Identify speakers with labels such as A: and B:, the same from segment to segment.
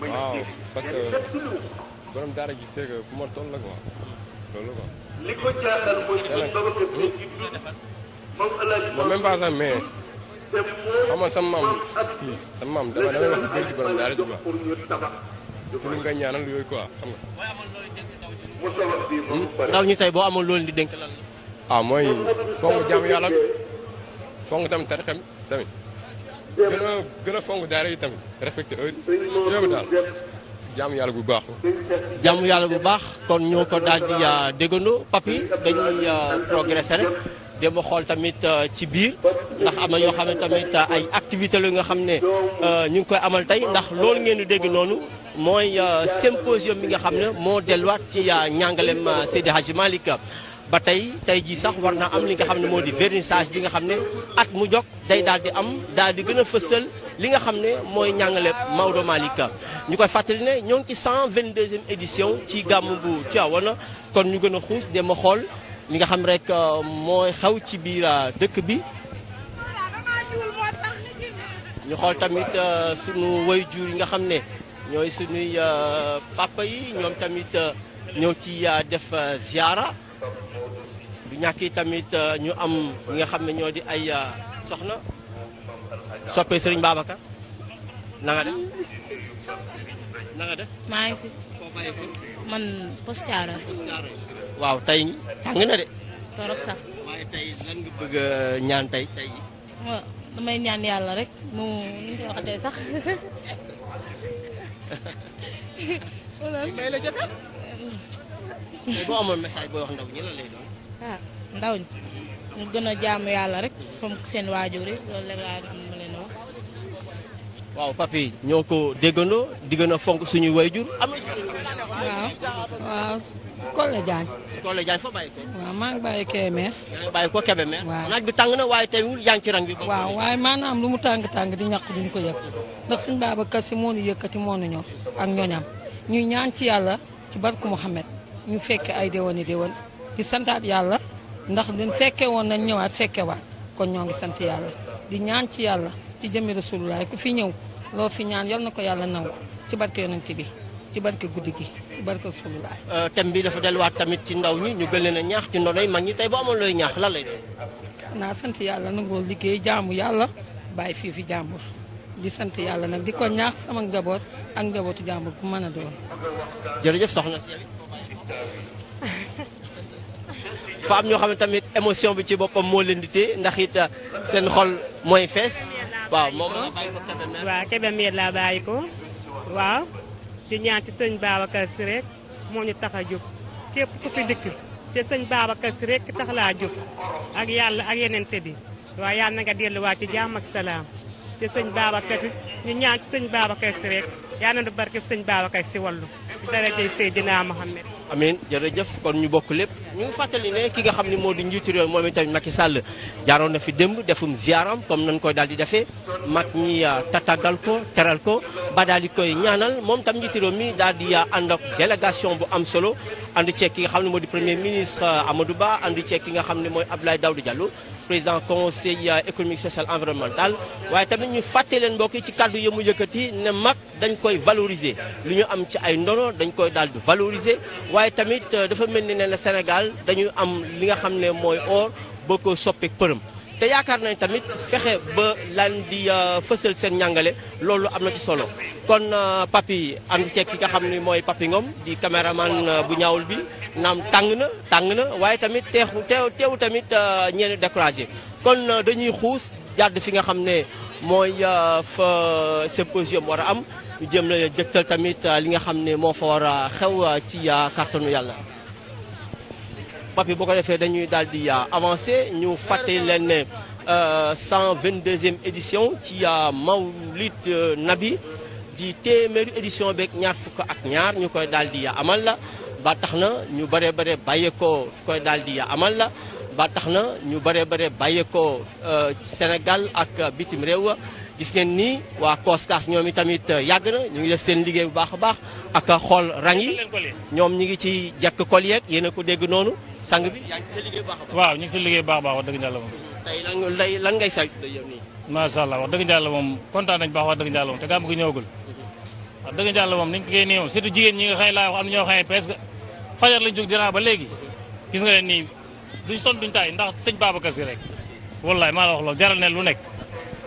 A: waaw parce que borom daara ji c'est que fu ma toll la
B: ko jaaxal
A: moom même pas sax mais
C: xam nga sama maam
A: kii sama maam dama damay wax bëri si borom daara ji quoi suñu nga ñaanal yooyu quoi xam nga. ndaw hmm? boo amoon loolu di dénk lan la. ah mooy foog nga jaamu yàlla bi foog nga tamit tarixa tamit. gën a gën fonk daara yi tamit respecté heure daal jàmm yàlla bu baax. jàmm yàlla bu baax kon ñoo ko daal di euh, déggandoo papi dañuy euh, progressé rek. dama xool tamit euh, ci biir ndax am na yoo xam ne tamit ay activité la nga xam ne ñu ngi koy amal tey ndax loolu ngeen di dégg noonu mooy symposium bi nga xam ne moo delluwaat ci njàngalem Seydi Hadji Malick ba tey tey jii sax war naa am li nga xam ne moo di vernissage bi nga xam ne at mu jog tey daal di am daal di gën a fësal li nga xam ne mooy ñàngale Maodo Malick ñu koy fàttali ne ñoo ngi ci 122e édition ci gàmm bu Tivaouane kon ñu gën a xuus dem a xool li nga xam rek euh, mooy xew ci biir euh, dëkk bi ñu xool tamit suñu euh, sunu waajur yi nga xam ne ñooy sunuy papa yi ñoom tamit ñëw ci def ziara ñàkk yi tamit euh, ñu am ñi nga xam ne ñoo di ay euh, soxna soppe Serigne Babacar na nga def na maa ngi fi man Postcaro. waaw tey tàng na de. torop sax. waaye
B: euh, ñaan yàlla rek mu nu ñu koy
A: boo wax ndaw ñi lan lay doon.
D: ah ndaw ñi gën a jaamu yàlla rek fonk seen waajur yi
A: loolu laa am ma papi ñoo ko déggandoo di gën a fonk suñuy waajur
D: am ah, waaw waaw Kole Diagne. Kole Diagne fa ko. waaw maa ngi bàyyi Kébémer.
A: yaa ngi ko Kébémer. waaw naaj bi tàng na waaye teewul
D: waaw waaye maanaam lu mu tàng tàng di ñàkk duñ ko yëg ndax suñu Babacar Si moo ñu yëkkati moo ñu ñor ak ñoñam ñuy ñaan ci yàlla ci barku Muhammad ñu fekke ay déwéni déwén di santaat yàlla ndax duñ fekke woon nañ ñëwaat fekkewaat kon ñoo ngi sant yàlla di ñaan ci yàlla ci jëmmi rasulullah ku fi ñëw loo fi ñaan yal na ko yàlla nangu ci barke yonent bi ci barke guddi gi ci barke rasulullah
A: euh, thème bi dafa delluwaat tamit ci ndaw ñi ñu gën na ñaax ci ndonoy mag ñi tey boo amoon looy ñaax lan lay doon.
D: naa sant yàlla nangoo liggéey jaamu yàlla bàyyi fii fi jàmbur di sant yàlla nag di ko ñaax sama njaboot ak njabootu jàmbur bu mën a doon.
A: jërëjëf soxna si fa am ñoo xam ne tamit émotion bi ci boppam moo leen di téye ndax it euh, seen xol mooy fees. waaw moom la bàyyi ko waaw Kébémer laa bàyyi ko
D: waaw di ñaan ci sëñ Babacar si rek moo ñu tax a jóg képp ku fi dëkk te sëñ Babacar si rek tax laa jóg ak yàlla ak yeneen te bi waaw yàlla na nga delluwaat ci jàmm ak salaam te sëñ Babacar si ñu ñaan ci sëñ Babacar si rek yàlla na barke sëñ Babacar si wallu ci daraja Seydina Mohamed
A: amin jërëjëf kon ñu bokk lépp ñu fàttali ne ki nga xam ni moo di njiitu réew moom itamit Macky sàll jaaroon na fi démb defum ziaram comme nañ koy daal di defee mag ñi euh, tatagal ko teral ko ba daal di koy ñaanal moom tam njiitu réew mi daal di euh, ànd ak bu am solo ànd ki nga xam ne moo di premier ministre euh, Amadou Ba ànd ceeg ki nga xam ne mooy Abdoulaye Daouda Diallo président conseil euh, économique social environnemental waaye tamit ñu fàtte leen mbokk yi ci kàddu yi mu yëkkati ne mag dañ koy valoriser lu ñu am ci ay ndono dañ koy daal di waaye tamit euh, dafa mel ni ne Sénégal dañu am li nga xam ne mooy or boo ko soppeek përëm te yaakaar nañ tamit fexe ba lan di euh, fësal seen njàngale loolu am na ci solo kon euh, papi ànd ceeg ki nga xam ni mooy papi ngoom di caméraman euh, bu ñaawul bi naam tàng na tàng na waaye tamit teexu teew teewu tamit ñeeni découragé kon dañuy xuus jàdd fi nga xam ne mooy fa symposium war a am ñu jëm na jëktal tamit li nga xam ne moo fa war a xew ci kartanu yàlla papi boo ko defee dañuy daal di euh, avancé ñu fàttali leen ne euh, cent vingt e édition ci ya euh, Mawlid Nabi di téeméeru édition beeg ñaar fukk ak ñaar ñu koy daal di amal la ba tax na ñu bare bare bàyyeekoo fi koy daal di amal la ba na ñu bare bare bàyyeekoo Sénégal ak bitim réew gis ngeen ni waa Koskas ñoom itamit yàgg na ñu ngi def seen liggéey bu baax a baax ak xool rang yi ñoom ñi ngi ci jàkk kol yeeg yéen ko dégg
B: noonu sang bi
C: yaa ngi sa liggéey baax a
B: baax. waaw ñu ngi sa liggéey baax a baax wax dëgg yàlla moom. tey lan ngay lan ngay saytu yow nii. macha allah wax dëgg yàlla moom kontaan nañu baax wax dëgg yàlla moom te gàmm gi ñëwagul. wax dëgg yàlla moom niñ ko koy nii moom surtout jigéen ñi nga xëy laa wax am na ñoo xëy fajar lañ jóg dinaa ba léegi gis nga nii duñ son duñ taay ndax sëñ Babacar Si rek wallaay maa la jaral ne lu nekk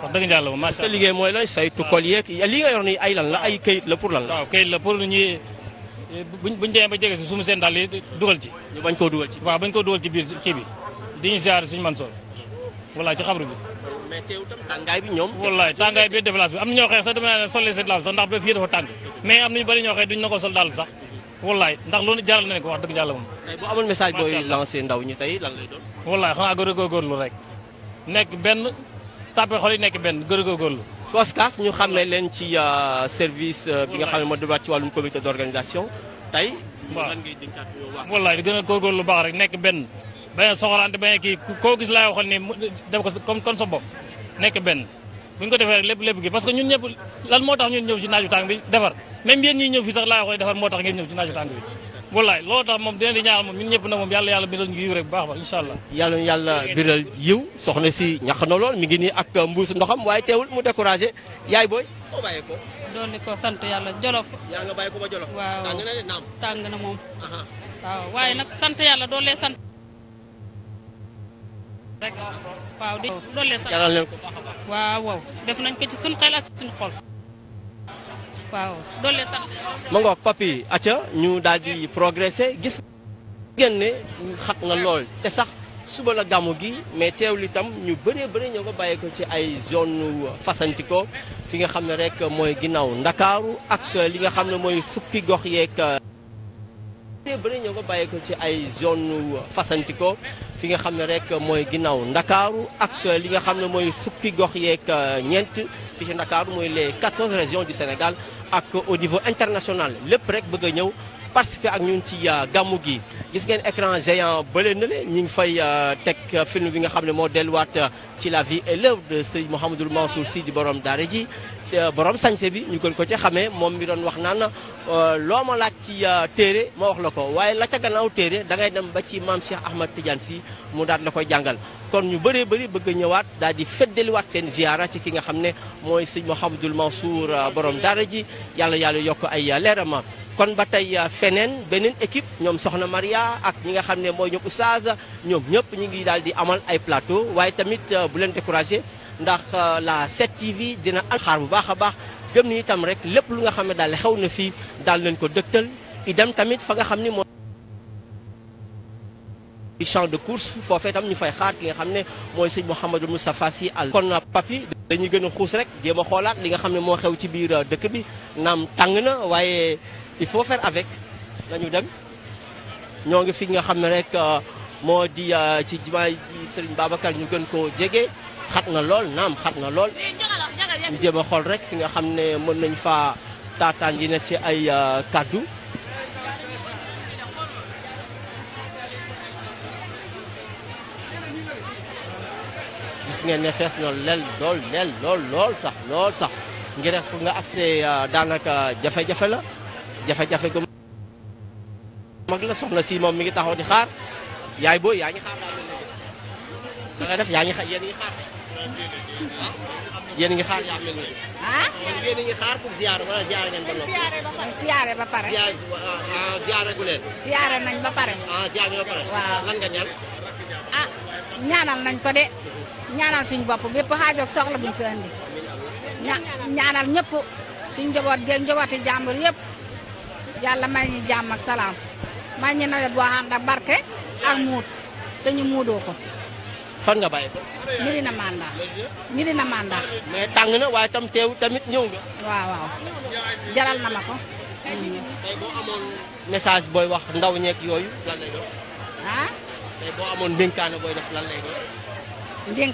B: wax dëgg yàlla moom macha liggéey mooy lay saytu kol yeeg li nga yor nii ay lan la ay kayit la pour lan la. Eh, buñ buñ demee ba jege si sumu seen dàll yi dugal ci. ñu bañ koo dugal ci. waaw bañ koo dugal ci biir kii bi di ñu siyaare suñu Mansoor wallaay ci xabru bi. mais teew tam tàngaay bi ñoom. wallaay tàngaay bi déplacé bi am na ñoo xëy sax dama ne solli seen dàll sax ndax ba da dafa tàng mais am na ñu bëri ñoo xëy duñ na ko sol dàll sax wallaay ndax loolu jaral na ko wax dëgg yàlla moom. tey bu amoon message booy lancé ndaw ñi tey wallaay xanaa góor góorgóorlu rek nekk benn tàppe xol nekk benn góor COSCAS ñu xàmmee leen ci euh, service euh, bi nga xam ne moo dégluwaat ci wàllum comité d'organisation tey. waaw lan
C: ngay
B: di gën a góorgóorlu lu baax rek nekk benn bañ a soxorante bañ kii koo gis laay waxoon ni def ko comme kon sa bopp nekk benn bu ñu ko defee rek lépp lépp gi parce que ñun ñëpp lan moo tax ñun ñëw ci naaju tàng bi defar même yéen ñi ñëw fii sax laay waxoon defar moo tax ngeen ñëw ci naaju tàng bi. wallaay loolu tax moom dina di ñaanal moom ñun ñëpp na moom yàlla yàlla biral ñu yiw rek baax a baax incha allah yàlla yàlla
A: biral yiw soxna si ñax na lool mi ngi nii ak mbuus ndoxam waaye teewul mu découragé yaay booy
B: foo bàyyee ko doon sant yàlla
A: jolof yaa nga bàyyi ko ba waaw tàng na de
D: waaye nag sant yàlla doon lee sant rek waaw di lee ko waaw waaw def nañ ko ci suñ xel ak suñ xol waaw
B: doole
A: sax. papi acca ñu daal di progresser gis ngeen ne xat na lool te sax suba la gàmmu gi mais teew teewul itam ñu bëree bëri ñoo ko bàyyi ko ci ay zone fasantikoo fi nga xam ne rek mooy ginnaaw ndakaaru ak li nga xam ne mooy fukki gox yeeg. Euh, bëree bëri ko ci ay zone fasantikoo fi nga xam ne rek mooy ginnaaw ndakaaru ak li nga xam ne mooy fukki gox yeeg euh, ñeent fi ci ndakaaru mooy les quatorze régions du Sénégal ak au niveau international lépp rek bëgg a ñëw participer ak ñun ci euh, gàmmu gi gis ngeen écran géant bële na le ñi ngi fay euh, teg euh, film bi nga xam ne moo delluwaat ci la vie et l'œuvre de Sëriñ Mouhamadou Mansour di borom daara ji borom sañse bi ñu gën ko ci xamee moom mi doon wax naan euh, loo ma laaj ci euh, téere ma wax la ko waaye la ca gannaaw téere da ngay dem ba ci maam Cheikh Ahmad Tidiane si mu daal la koy jàngal kon ñu bëree bëri bëgg ñëwaat daal di feddaliwaat seen ziara ci ki nga xam ne mooy sëñ Mouhamadul Mansour euh, borom daara ji yàlla yàlla yokk ay leerama kon ba tey feneen beneen équipe ñoom soxna Maria ak ñi nga xam ne mooy ñoom Oustaz ñoom ñëpp ñu ngi daal di amal ay plateau waaye tamit bu leen découragé ndax euh, la 7TV dina alxaar bu baax a baax gëm ni itam rek lépp lu nga xam ne daal xew na fii daal leen ko dëgtal idem tamit fa nga xam ni mooy champ de course foofee tam ñu fay xaar ki nga xam ne mooy sëñ Mouhamadou Moustapha Sy al kon papi dañuy gën a xuus rek jéem a xoolaat li nga xam ne moo xew ci biir euh, dëkk bi naam tàng na waaye il faut faire avec nañu dem ñoo ngi fi nga xam ne rek euh, moo di euh, ci jumaay Serigne Babacar ñu gën koo jege xat na lool naam xat na lool ñu jéem a xool rek fi nga xam ne mën nañ fa taataan yi ne ci ay euh, kàddu gis ngeen ne fees na lel lool lool lool sax lool sax ngir rek nga accès euh, daanaka jafe-jafe la jafe-jafe gu mag la soxna si moom mi ngi taxaw di xaar yaay booy yaa ngi xaar daal da def yaa ngi xaar yéen ngi xaar yéen ah? ba noppi. ziare
D: ba pare. ziare ah, nañ ba pare. ah nga ñaan. Ah, ñaanal nañ ko de ñaanal suñu bopp bépp xaajoog soxla bu fi andi ñaanal ñëpp suñu njaboot geeg njabooti jàmbur yëpp yàlla may ñu jàmm ak salaam may ñu nawet boo ànd ak barke. ak muut te ñu muudoo ko.
A: fan nga bàyyi ko. na mandaa
D: miri na mandaa
A: mais tàng na waaye tam teew tamit ñëw nga.
D: waaw waaw jaral na ma ko.
A: message booy wax ndaw ñeek yooyu lan lay ah. tey booy def lan lay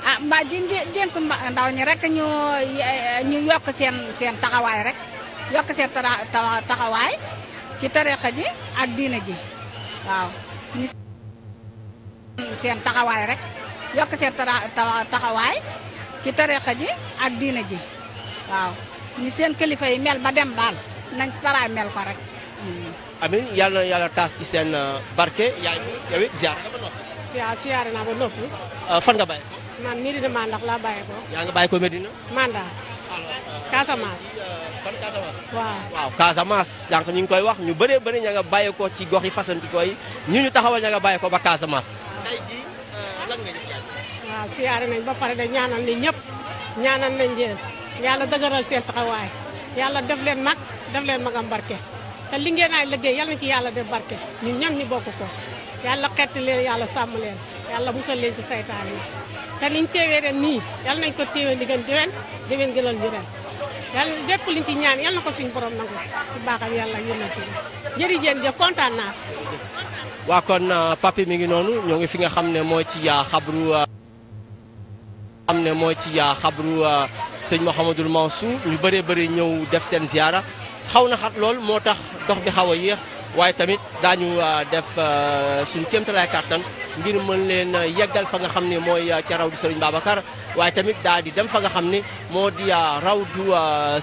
D: ah mbaa ji dénk ndaw ñi rek ñu ñu yokk seen seen taxawaay rek yokk seen taxawaay ci tarixa aji ak diina ji waaw. ñu seen taxawaay rek yokk seen taxawaay ci tarixa ji ak diina ji waaw ñu seen kilifa yi mel ba dem daal nañ taraay mel ko rek.
A: amin yàlla na taas ci seen euh, barke yaay yow it ziar nga ba noppi.
D: ziar ziar naa ba noppi.
A: Euh, fan nga bàyyi ko.
D: man Medina laa bàyyi ko.
A: yaa nga bàyyi ko Medina.
D: Mandax. Casamance. fan Casamance. waaw waaw
A: Casamance sànq ñu ngi koy wax ñu bëree bëri ña nga bàyyi ko ci gox yi fasantikoo yi ñu ñu taxawal ña nga bàyyi ko ba Casamance. tey jii euh,
D: lan nga waaw siyaare nañ ba pare de ñaanal ni ñëpp ñaanal nañ leen yàlla dëgëral seen taxawaay yàlla def leen mag def leen magam barke. te li ngeen ay liggéey yal ci yàlla def barke ñu ñam ñi bokk ko yàlla xetti leen yàlla sàmm leen. yàlla musal leen ci saytaan yi te niñ teewee nii yàlla nañ ko teewee li gën déwén déwén gënal yàlla lépp liñ ci ñaan yàlla ko suñu borom nangu ci baaxal yàlla
A: waa kon euh, papi mi ngi noonu ñoo ngi fi nga xam ne moo ci euh, xabru euh, xam ne moo ci xabru sëñ Mouhamadul Mansour ñu bëree bëri ñëw def seen ziara xaw na xat lool moo tax dox bi xaw a yéex waaye tamit daañu euh, def euh, suñu kéemtalaay kàttan ngir mën leen euh, yeggal fa nga xam ne mooy ca raw du sëriñ Babacar waaye tamit daa di dem fa nga xam ne moo di raw du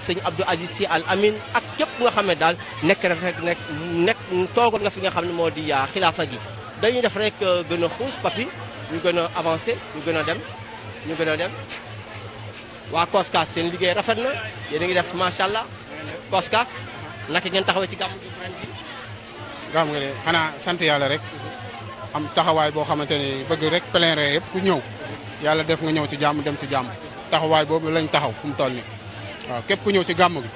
A: sëñ Abdou Aziz si Al Amin ak képp nga xam ne daal nekk rek nekk nekk toogoon nga fi nga xam ne moo di xilaafa gi dañuy def rek gën a xuus papi ñu gën a avancé ñu gën a dem ñu gën a dem waa Koskas seen liggéey rafet na yéen ngi def macha allah Koskas naka ngeen taxawee ci gàmm nga xam xanaa sant yàlla rek
E: am taxawaay boo xamante ni bëgg rek pèlerin yëpp ku ñëw yàlla def nga ñëw si jàmm dem si jàmm taxawaay boobu lañ taxaw fu mu toll nii waaw képp ku ñëw si gàmm gi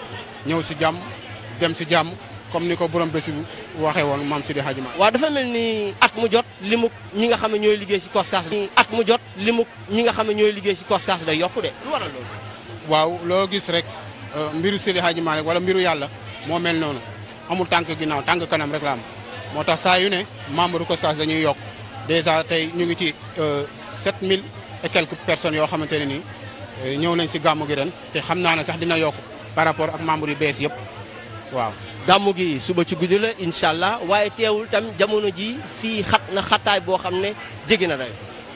E: ñëw si jàmm dem si jàmm comme ni ko borom bés bu woon woon maam Sidi Hadji ma waa dafa mel ni at mu jot limu ñi nga xam ne ñooy liggéey si Coskas. at mu jot limu ñi nga xam ne ñooy liggéey si Coskas day yokku de lu waaw loo gis rek euh, mbiru Sidi Hadji ma wala mbiru yàlla moo mel noonu. amul tànk ginnaaw tànk kanam rek la am moo tax saa yu ne membre COSTAS dañuy yokk dèjà tey ñu ngi ci 7000 euh, et quelques personnes yoo xamante ne nii euh, ñëw nañ si gàmmu gi ren te xam naa ne sax dina yokk par rapport ak membre yu bees yëpp
A: waaw. gàmmu gi suba ci guddi la incha allah waaye teewul tam jamono ji fii xat na xataay boo xam ne jéggi na day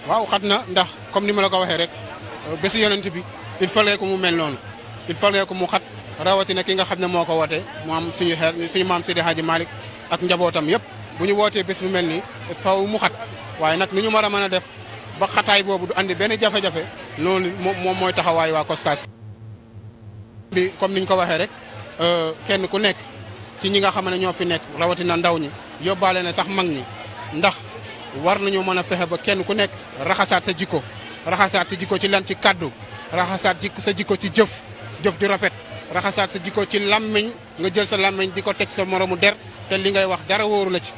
A: waaw xat na ndax comme ni ma la ko waxee rek
E: euh, bésu yonent bi il fallait que mu mel noonu il fallait que mu xat. rawatina ki nga xam ne moo ko wootee mu am suñu xel suñu maam Seydi Hadji Malick ak njabootam yëpp bu ñu wootee bés bu mel ni faw mu xat waaye nag ni ñu war a mën a def ba xataay boobu du andi benn jafe-jafe loolu moom mooy taxawaay waa Coskas bi comme niñ ko waxee rek euh, kenn ku nekk ci ñi nga xam ne ñoo fi nekk rawatina ndaw ñi yóbbaale na sax mag ñi ndax war nañu mën a fexe ba kenn ku nekk raxasaat sa jikko raxasaat sa jikko ci lan ci kàddu raxasaat sa jikko ci jëf jëf ju rafet raxasaat sa jikko ci làmmiñ nga jël sa làmmiñ di ko teg sa moroomu der te li ngay wax dara wóoru la ci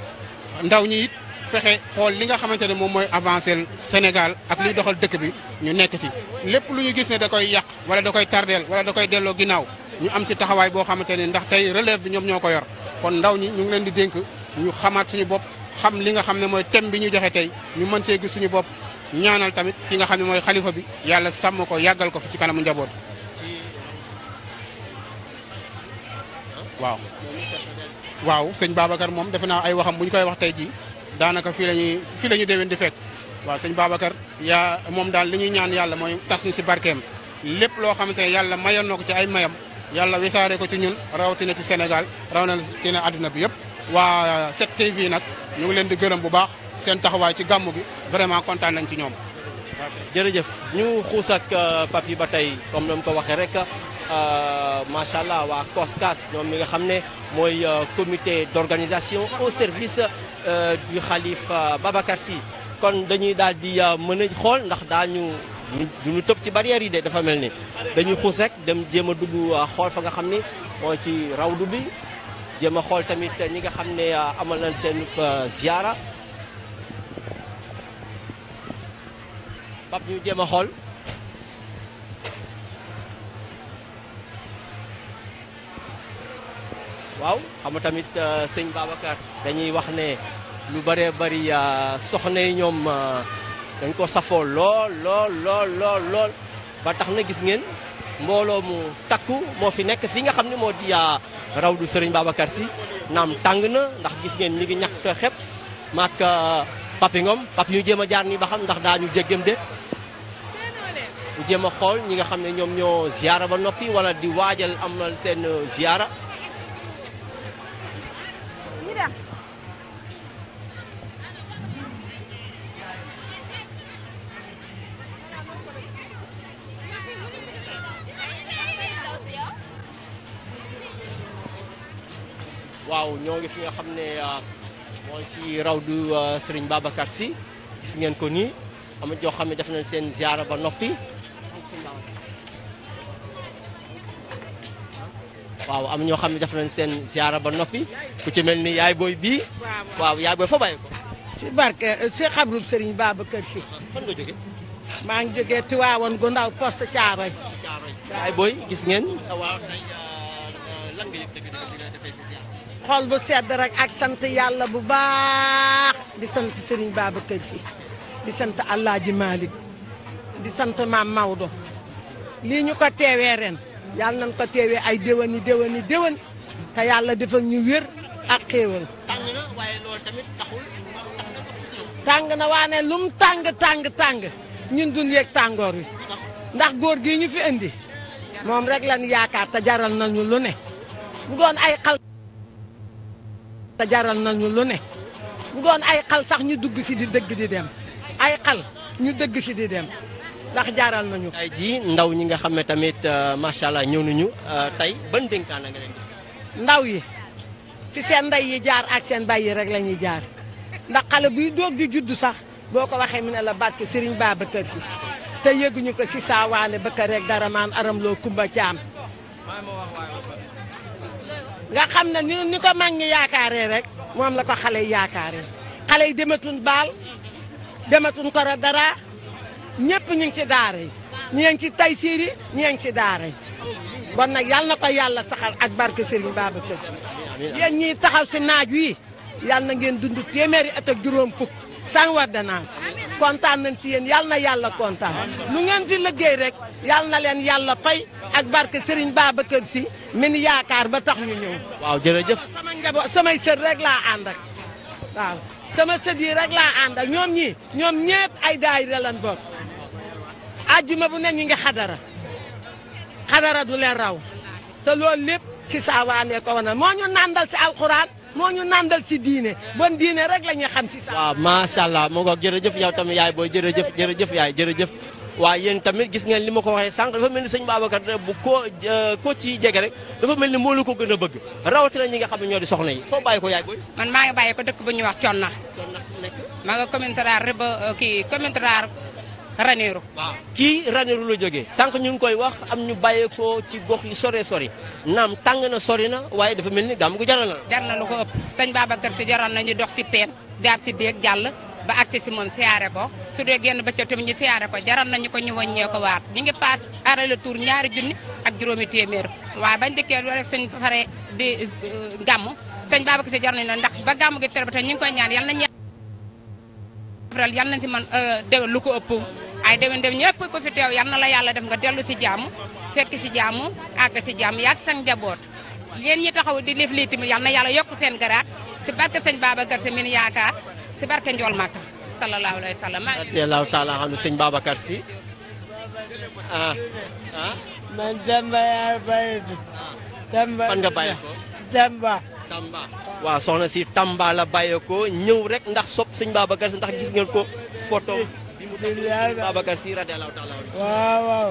E: ndaw ñi it fexe xool li nga xamante ne moom mooy avancé Sénégal ak liy doxal dëkk bi ñu nekk ci lépp lu ñu gis ne da koy yàq wala da koy tardeel wala da koy delloo ginnaaw ñu am si taxawaay boo xamante ne ndax tey relève bi ñoom ñoo ko yor kon ndaw ñi ñu ngi leen di dénk ñu xamaat suñu bopp xam li nga xam ne mooy thème bi ñu joxe tey ñu mën see gis suñu bopp ñaanal tamit ki nga xam ne mooy xalifa bi yàlla sàmm ko yàggal ko fi ci kanamu njaboot
C: waaw waaw sëñ
E: Babacar moom defe naa ay waxam bu ñu koy wax tey jii daanaka fii la ñuy fii la ñu di fekk waa sëñ Babacar yaa moom daal li ñuy ñaan yàlla mooy tas ñu si barkeem lépp loo xamante ne yàlla mayoon na ko ci ay mayam yàlla wisaare ko ci ñun rawatina ci Sénégal rawatina àdduna bi yëpp waa 7TV nag ñu leen di gërëm bu baax seen taxawaay ci gàmmu gi vraiment kontaan
A: nañ ci ñoom jërëjëf ñu xuus ak euh, papi ba tey comme ni ko waxe rek Euh, macha allah waa COSCAS ñoom mi nga xam ne mooy euh, comité d'organisation au service euh, du xalif Babacar Sy kon dañuy daal di mën a xool ndax daañu du ñu tëb ci barrière yi de dafa mel ni dañuy xuus rek dem jéem a dugg xool fa nga xam ni mooy ci rawdu bi jéem a xool tamit ñi nga xam ne amal na seen ziara Pape ñu jéem a xool. waaw xam nga tamit euh, sëñ Babacar dañuy wax ne lu bëree bëri euh, soxna yi ñoom euh, dañ ko safoo lool lool lool lool lool ba tax na gis ngeen mbooloo mu takku moo fi nekk fi nga xam ne moo di raw rawdu sëriñ Babacar si naam tàng na ndax gis ngeen ñu ngi ñàkk xep maak papi ngom papi ñu jéem a jaar nii ba xam ndax daañu ñu jéggem de ñu jéem a xool ñi nga xam ne ñoom ñoo ziyaara ba noppi wala di waajal amal seen ziyaara waaw ñoo ngi fi nga xam ne euh, mooy raw rawdu euh, sëriñ Babacar Sy gis ngeen ko nii am joo xam ne def nañ seen ziara ba noppi. am ñoo xam ne def nañ seen ziara ba noppi ku ci mel ni yaay booy bii. waaw yaay booy fa bàyyi si barke si euh, xabrub sëriñ Babacar Sy. fan maa ngi jógee Tiwaawan gu ndaw
D: poste Caaroy.
A: gis ngeen. waaw lan
D: xol bu sedd rek ak sant yàlla bu baax di sant Serigne Babacar Sy di sant Alaaji Malick di sant maam Maodo lii ñu ko teewee ren yàlla nañ ko teewee ay déwéni déwéni déwén te yàlla defal ñu wér ak xéewal.
A: tàng na waaye loolu
D: tàng na waa lum tàng tàng tàng ñun duñ yëg tàngoor wi ndax góor gi ñu fi indi moom rek lan yaakaar te jaral nañu lu ne bu doon ay xal te jaral nañu lu ne doon ay xal sax ñu dugg si di dëgg di dem ay xal ñu dëgg si di dem
A: ndax jaaral nañu. tey jii ndaw ñi nga xam ne tamit euh, macha allah ñëw nañu euh, tey ban dénkaan ndaw yi ci seen ndey yi jaar ak seen bay yi rek la ñuy jaar ndax xale buy
D: doog di juddu sax boo ko waxee mu ne la barke Serigne Babacar Si te yëguñu ko si saawaale ba rek dara maan aram loo kumba caam nga xam ne ñu ni ko mag ñi yaakaaree rek moom la ko xale yi xale yi dematuñ baal dematuñ koro dara ñëpp ñu ngi ci daara yi ñi ngi ci tay siiri ñi ngi ci daara yi bon nag yal na ko yàlla saxal ak barke Serigne Babacar Sy yéen ñiy taxaw si naaj wi yal na ngeen dund téeméeri at ak juróom fukk sans ordonnance kontaan nañ si yéen yal na yàlla kontaan nu ngeen ci liggéey rek yal na leen yàlla fay ak barke Serigne Babacar Sy min yaakaar ba tax ñu ñëw. waaw jërëjëf. sama njaboot samay sët rek laa ànd ak waaw sama sët yi rek laa ànd ak ñoom ñii ñoom ñëpp ay daayira lan bokk ajjuma bu ne ñu ngi xadara xadara du leen raw te loolu lépp si saawaanee ko wana moo ñu nàndal si alxuraan moo ñu nàndal si diine bon diine rek la ñuy xam si. waaw
A: macha allah moo ko jërëjëf yow tamit yaay booy jërëjëf jërëjëf yaay jërëjëf. waaye yéen tamit gis ngeen li ma ko waxee sànq dafa mel ni sëñ Babacar euh, bu ko euh, ko ci jege rek dafa mel ni moo la ko gën a bëgg rawatina ñi nga xam ne ñoo di soxna yi
D: foo bàyyi ko yaay booy. man maa ngi ko dëkk bu ñuy wax Connax. Connax nekk maa nga commentaire reba euh, kii commentaire Ranérou. waaw
A: kii Ranérou la jógee sànq ñu ngi koy wax am ñu bàyyi ko ci gox yi sore sori naam tàng na sori na waaye dafa mel ni gàmm gu jaral na. jar na lu
D: ko ëpp sëñ Babacar si jaral nañu dox si teen jaar si déeg jàll. ba agsi si moom siyaare ko su dee génn bëccëg tamit ñu siyaare ko jaral nañu ko ñu wàññee ko waat ñu ngi paas arale tour ñaari junni ak juróomi téeméer waaye bañ dëkkee wala suñ faree di euh, gàmm sëñ Babacar Sy jar ndax ba gàmm gi tere ba ñu ngi koy ñaan yal nañu yàlla yal nañ si man euh, déwén lu ko ëpp ay déwén déwén ñëpp ko fi teew yal na la yàlla def nga dellu si jàmm fekk si jàmm àgg si jàmm yaag sang njaboot yéen ñi taxaw di lif lii tamit yal na yàlla yokk seen garaat si barke sëñ Babacar Sy min yaakaar si barke Njool Màkka sallallahu alayhi wa sallam. radiyallahu
A: taala anhu sëñ Babacar si. ah ah. man Tamba yaa bayitu. Tamba fan nga bàyyi ko Tamba. Tamba waaw soxna si Tamba la bàyyi ko rek ndax sopp sëñ Babacar si ndax gis ngeen ko photo. sëñ Babacar si radiyallahu taala waaw waaw.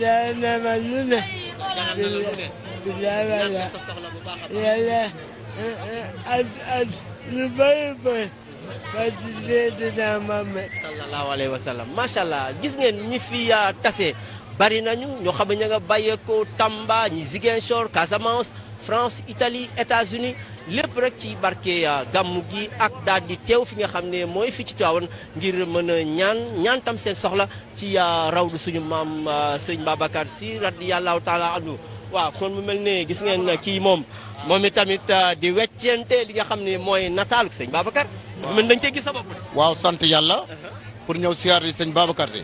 D: jaay ne. ma lu ne.
C: yàlla
A: ak ak lu bëri bëri ba ci Seydina Muhammad sallallahu alayhi wa sallam macha allah gis ngeen ñi fi ah, tase bari nañu ñoo xam ne ña nga bàyyeekoo Tamba ñi Ziguinchor Casamance France Italie États-Unis lépp rek ci barke ah, gàmmu gi ak daal di teew fi nga xam ne mooy fi ci Tiwaawan ngir mën a ñaan ñaan tam seen soxla ci ah, rawdu suñu maam sëñ Babacar Sy radiyallahu taala kii moom moom i tamit euh, di weccente li nga xam ne mooy nataalu sëñ Babacar. waaw mën nañ cee gis sa waaw sant yàlla uh-huh. pour ñëw siyaar yi sëñ baabakar de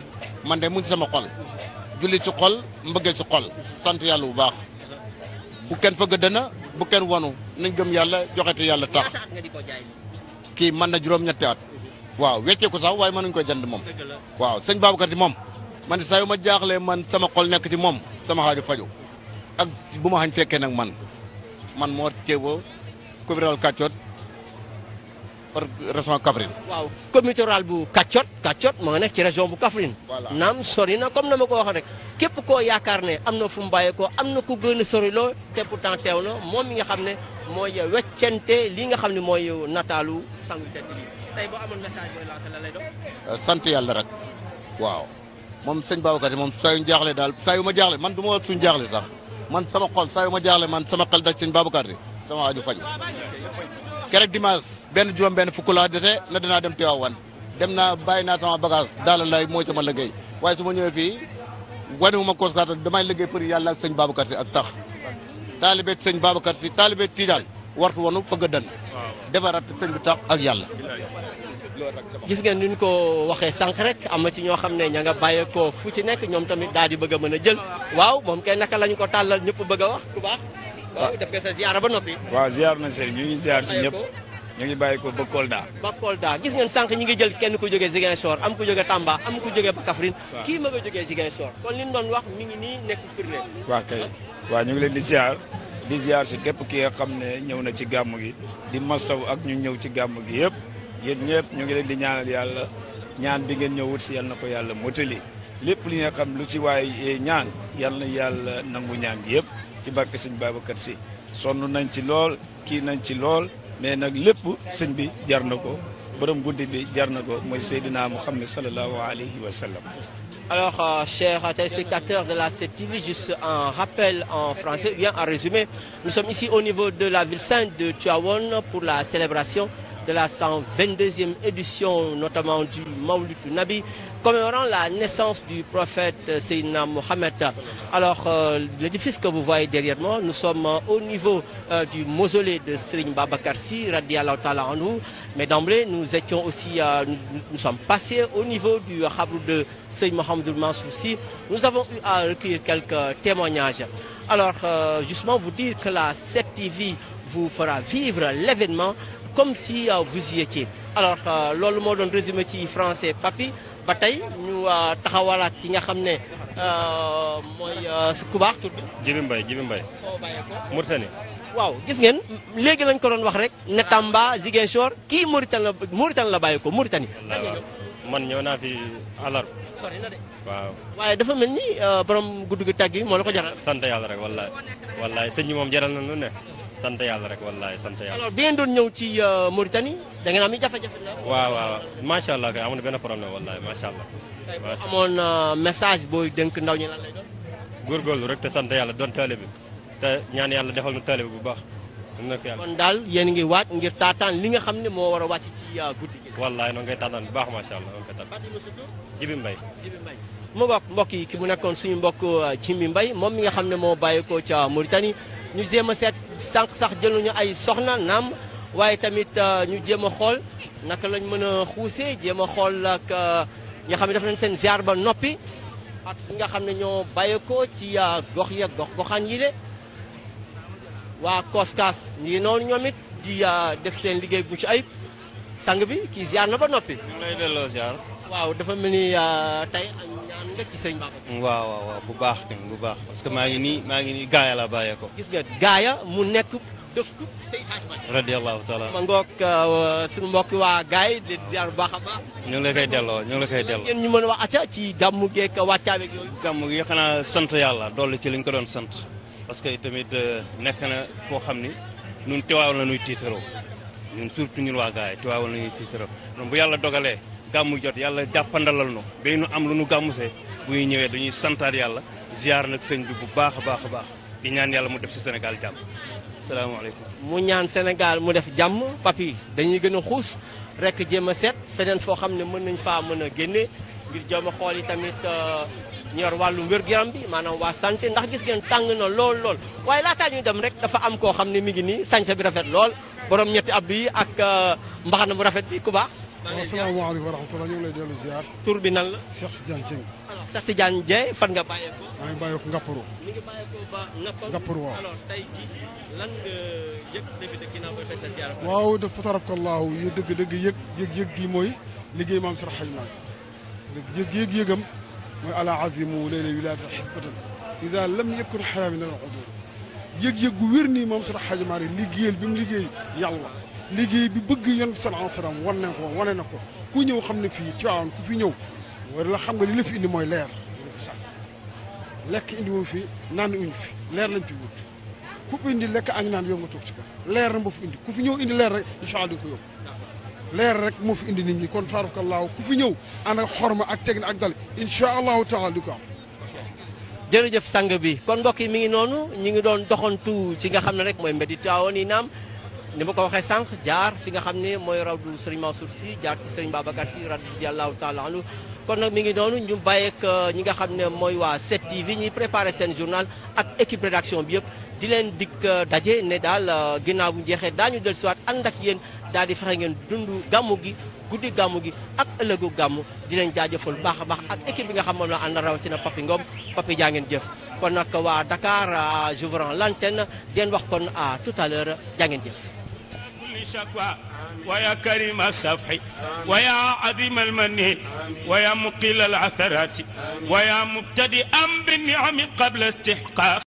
A: man de mu sama xol
E: julli si xol mbëggeel si xol sant yàlla bu baax bu kenn fëgg dana bu kenn wanu nañ gëm yàlla joxete yàlla tax kii mën na juróom-ñetti at uh-huh. waaw weccee ko sax waaye mën nañu koy jand moom waaw sëñ Babacar di moom man saa yu ma jaaxle man sama xol nekk ci moom sama xaaju faju ak bu ma xañ fekkee nag man
A: man moo Thiebo commune rurale Kaccot waaw comité rural bu Kaccot Kaccot moo nekk ci région bu Kaffrine. naam sori na comme na ma ko waxee rek. képp ko yaakaar ne am na fu mu bàyyeekoo am na ku gën a sori loo te pourtant na moom mi nga xam ne mooy weccente lii nga xam ne mooy nataalu sangu tedd bi tey boo amoon message booy lancé la lay euh, sant yàlla
E: rek waaw moom sëñ Babacar moom saa jaaxle daal saa yu ma jaaxle man du ma suñ jaaxle sax. man sama xol saa yu ma jaaxle man sama xel daj sëñ Babacar di sama aju faj keroog dimanche benn juróom-benn fukk laa dese ne dinaa dem wan dem naa bàyyi naa sama bagage daala lay mooy sama liggéey waaye su ma ñëwee fii wane wu ma kos koskaata damay liggéey pour yàlla ak sëñ Babacar si ak tax taalibe sëñ Babacar
A: si taalibe Tidiane wartu wonu fëgg a dën defaraat sëñ bi tax ak yàlla gis ngeen ni ñu ko waxee sànq rek ama ci ñoo xam ne ña nga bàyyeekoo fu ci nekk ñoom tamit daal di bëgg a mën a jël waaw moom kay naka lañu ko tàllal ñëpp bëgg a wax ku baax. Ah. waaw def nga sa ziara ba noppi.
B: waaw ziar na sëriñ ñu ngi ziar si ñëpp ñu ngi bàyyeekoo ko ba Kolda.
A: ba Kolda gis ngeen sànq ñu ngi jël kenn ku jógee Ziguinchor am ku jógee Tamba am ku jógee ba Kaffrine. waaw kii ma nga jógee Ziguinchor kon li ñu doon wax mu ngi nii nekk firnde.
B: waaw kay waaw ñu ngi leen di ziar di képp ki nga xam ne ñëw na ci gàmm gi di masaw ak ñu ñëw ci gàmm gi yëpp yéen ñëpp ñu ngi leen di ñaanal yàlla ñaan bi ngeen ñëw wut si yàlla na ko yàlla motali lépp li nga xam lu ci waay eh, ñaan yàlla na yàlla nangu ñaan gi yëpp ci barke sëñ Babacar si sonn nañ ci lool kii nañ ci lool mais nag lépp sëñ bi jar na ko borom guddi bi jar na ko mooy Seydina Mouhamed sallallahu alayhi wa sallam. Alors, euh, chers
A: téléspectateurs de la CTV, juste un rappel en français, bien en résumé, nous sommes ici au niveau de la ville sainte de Tuawon pour la célébration de la 122e édition, notamment du Mawlid Nabi, commémorant la naissance du prophète Alors, euh, l'édifice que niveau euh, du mausolée de Serigne Babakarsi, radiallahu ta'ala anhu. Mais d'emblée, nous étions aussi, euh, au niveau du Habrou de Serigne Mohamed Mansoursi. Nous avons eu à recueillir quelques témoignages. Alors, euh, justement, comme si euh, vous y étiez alors euh, loolu moo doon résumé ci français papi ba tey ñu euh, taxawalaat ki nga xam ne
B: mooy su ku baax tudd. Jibi Mbaye Jibi Mbaye.
C: foo
B: waaw
A: gis ngeen léegi lañ ko doon wax rek ne Tamba Ziguinchor kii Mauritanie la Mauritanie la bàyyi ko Mauritanie.
B: man ñëw naa fi alar sori na de. waaw.
A: waaye dafa mel ni borom gudd gi tàgg moo la ko jaral. sant yàlla rek wallaay wallaay sëñ bi moom jaral na lu ne. sant yàlla rek wallaay sant yàlla. alors bi ngeen doon ñëw ci euh, Mauritanie da ngeen am i jafe-jafe la. waaw waaw macha allah kay amoon benn problème wallaay macha allah. macha allah amoon euh, message booy dénk ndaw ñi lan lay doon. góorgóorlu rek te sant yàlla doon taalibe bi te ñaan yàlla defal nu taalibe bu baax. kon daal yéen ngi waaj ngir taataan li nga xam ne moo war a wàcc ci euh, guddi gi.
B: wallaay noonu ngay taataan bu baax macha allah noonu ngay taataan. Jibi Mbaye
C: Jibi Mbaye
A: mu bokk mbokk yi ki mu nekkoon suñu mbokk Jibi Mbaye moom mi nga xam ne moo bàyyeekoo ca Mauritanie ñu jéem a seet sànq sax jëluñu ay soxna naam waaye tamit euh, ñu jéem a xool naka lañ mën a xuuse jéem a xool ak euh, nga xam ne def nañ seen ziar ba noppi ak nga xam ne ñoo bàyyeekoo ci euh, gox ya gox goxaan yi de waa Koskas ñi ngi noonu ñoom di def seen liggéey bu ci ay sang bi kii ziar na ba noppi. ci sëñ Babacar.
B: waaw waaw bu baax kenn bu baax parce que maa ngi nii maa ngi nii gaaya laa bàyyee gis
A: nga gaaya mu nekk dëkk
B: Seydi Hadji Malick. radiyallahu taala. ma
A: ngoog euh, suñu mbokk waa gaay yi di ziar bu baax a baax.
B: ñu ngi la koy delloo ñu ngi la koy delloo.
A: ngeen ñu mën a wax acca ci gàmmu geeg wàccaa beeg yooyu.
B: gi xanaa sant yàlla dolli ci liñ ko doon sant parce que tamit euh, nekk na foo xam ni ñun Tiwaawan la ñuy tiitaroo ñun surtout ñun waa gaay Tiwaawan la ñuy tiitaroo bu yàlla dogalee gàmmu jot yàlla jàppandalal nu bay nu am lu nu gàmmusee bu ñu ñëwee dañuy santaat yàlla ziar nag sëñ bi bu baax a baax a baax di ñaan yàlla mu def si Sénégal jàmm salaamaaleykum. mu
A: ñaan Sénégal mu def jàmm papi dañuy gën a xuus rek jéem a seet feneen foo xam ne mën nañ faa mën a génne ngir jéem a xool yi tamit euh, ñor wàllu wér-gu-yaram bi maanaam waa santé ndax gis ngeen tàng na lool lool waaye laataa ñuy dem rek dafa am koo xam ne mi ngi nii sañse bi rafet lool borom ñetti abdu yi ak euh, mbaxana bu rafet bi ku baax asalaamaaleykum wa bi nan la. Cheikh Tidiane fan nga bàyyeekoo. maa ngi bàyyeekoo Ngaparou. mi waaw
E: dafa tabaarakallaahu yu dëgg-dëgg yëg yëg-yëg gi mooy liggéey maam soo Xaj Maalik. yëg yëg ala azimu layla wilaadata xisbatan ida lam yakun xaraamin al gu wér nii maam Sër Xaj Maalik liggéeyal bi mu liggéey yàlla liggéey bi bëgg yonent sallallahu alayhi wasallam wan na ko wane na ko ku ñëw xam ne fii Tiwaawan ku fi ñëw war la xam nga li la fi indi mooy leer la fi sàkk leer lañ fi ku fi indi lekk ak naan yow nga toog ko leer na fi indi ku fi ñëw indi leer rek incha allah di ko yóbbu leer rek moo indi nit ñi kon tabaraka allahu ku fi ñëw ànd ak ma ak teg na ak dal incha allahu taala di ko am
A: jërëjëf sang bi kon mbokk yi mi ngi noonu ñi ngi doon doxantu ci nga xam ne rek mooy mbeddi Tiwaawan yi ni ma ko waxee sànq jaar fi nga xam ne mooy raw du sëriñ Mansour si jaar ci sëriñ Babacar si radiyallahu taala anhu kon nag mi ngi noonu ñu bàyyeek euh, ñi nga xam ne mooy waa 7TV ñuy préparé seen journal ak équipe rédaction bi yëpp di leen dikk euh, daje ne daal euh, ginnaaw bu jeexee daañu del siwaat ànd ak yéen daal di fexe ngeen dundu gàmmu gi guddi gàmmu gi ak ëllëgu gàmmu di leen jaajëfal baax a baax ak équipe bi nga xam moom la ànd rawatina Papi Ngom Papi jaa ngeen jëf kon nag waa Dakar je vous rends l'antenne wax kon à tout à l'heure jaa ngeen
B: شكوى ويا كريم السفح ويا عظيم المن ويا مقيل العثرات ويا مبتدئا بالنعم قبل استحقاق